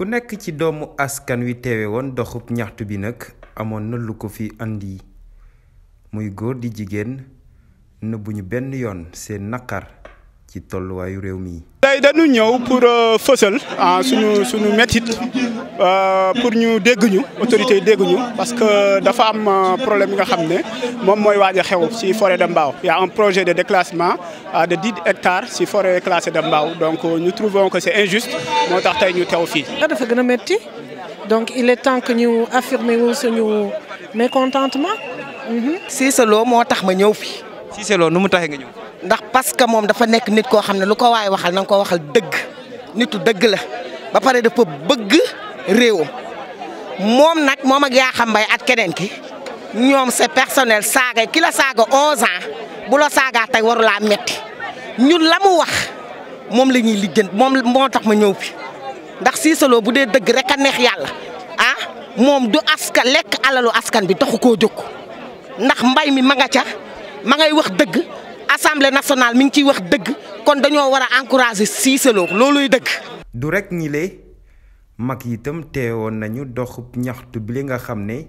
ku nekk ci doomu askan wi teewe woon doxub ñaxtu bi nag amoon na lu ko fi andi muy góor di jigéen nëbbuñu benn yoon seen naqar ci tolluwaayu réew mi. tey dañu ñëw pour euh, fësal ah, suñu suñu métit euh, pour nous dégg ñu autorités dégg ñu parce que la femme euh, problème yi nga xam ne moom mooy xew ci forêt de Mbao y a un projet de déclassement ah, de 10 hectares ci forêt classée de Mbao donc nous trouvons que c'est injuste nous tax tey ñu teew fii dafa donc il est temps que nous affirmer wu suñu mécontentement Si Lo moo tax ma ñëw C'est Cissé nous nu ndax parce que mom dafa nek nit ko xamne lu ko way waxal nang ko waxal deug nitu deug la ba pare dafa bëgg réewam mom nak mom ak ya xam bay at keneen ki ñom c'est personnel saga ki la saga 11 ans bu la saga tay waru mom metti ñun lamu wax mom lañuy ñuy mom moom tax ma ñew fi ndax Lo bu dee deug rek ka neex yalla ah mom du askan lek alalu askan bi taxuko jokk ndax mbay mi ma nga ca ma ngay wax deug assemblée nationale mi ngi ciy wax dëgg kon dañoo war a encourager Cissé Lo looluy dëgg. du rek ñi le mag yi te woon nañu dox ñaxtu bi nga xam ne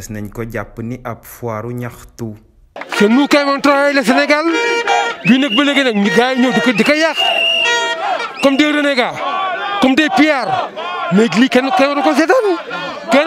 si nañ ko jàpp ni ab foiru ñaxtu. te nous qui avons travaillé le Sénégal bii nag ba léegi nag ñu gars ñëw di ko di ko yàq comme des renégats comme des pillards mais lii kenn kenn waru ko seetaan kenn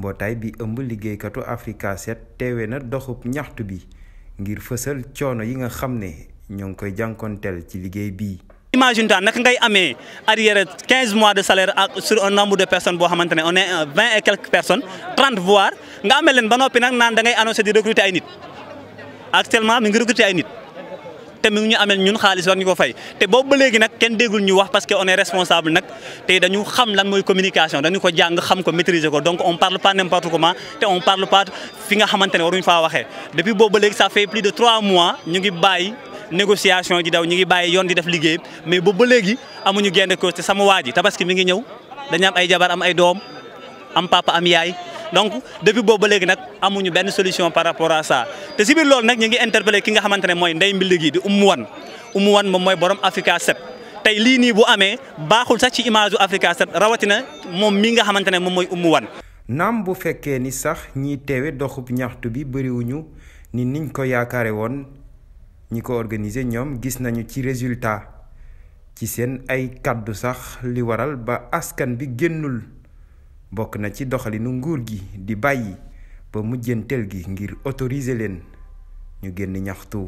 mbootaay bi ëmb liggéeykatu afrika Set teewe na doxub ñaxtu bi ngir fësal coono yi nga xam ne ñoo ngi koy jànkonteel ci liggéey bii. imagine toi naka ngay amee arrière 15 mois de salaire ak sur un nombre de personnes boo xamante ne on est 20 euh, et quelques personnes 30 voire nga amee leen ba noppi nag naan da ngay annoncé di recruter ay nit actuellement mi ngi recruter ay nit. té mi ñu amel ñun xaalis wax ñu fay té boobu ba léegi nag kenn déggul ñu wax parce que on est responsable nak té dañu xam lan moy communication dañu ko jàng xam ko maîtriser ko donc on parle pas n'importe comment té on parle pas fi nga xamantene waruñ fa waxé depuis boobu ba léegi ça fait plus de 3 mois ñu ngi bàyyi négociation di daw ñu ngi bàyyi yoon di def liggéey mais boobu ba léegi amuñu gain ko cause sama waa ji tabaski mi ngi ñew dañu am ay jabar am ay doom am papa am yaay donc depuis bobu ba nak amuñu ben solution par rapport à ça te ci bir lool nak ñi ngi interpeller ki nga xamantene moy ndey mbill gi di umu wan umu wan moom moy borom Africa 7 tay li ni bu amé baxul sax ci image Africa 7 rawatina mom mi nga xamantene mom moy umu wan nam bu fekke ni sax ñi téwé doxub ñaxtu bi wuñu ni niñ ko yaakaré won ñi ko organiser ñom gis nañu ci résultat ci sen ay kaddu sax li waral ba askan bi gennul bokk na ci doxalinu nguur gi di bàyyi ba mujjanteel gi ngir autoriser leen ñu génn ñaxtu